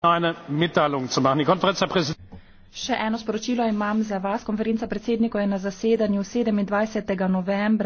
še eno sporočilo imam za vas konferenca predsednikov je na zasedanju sedemindvajset novembra v istanbulu sprejela resolucijo o varnosti v prometu.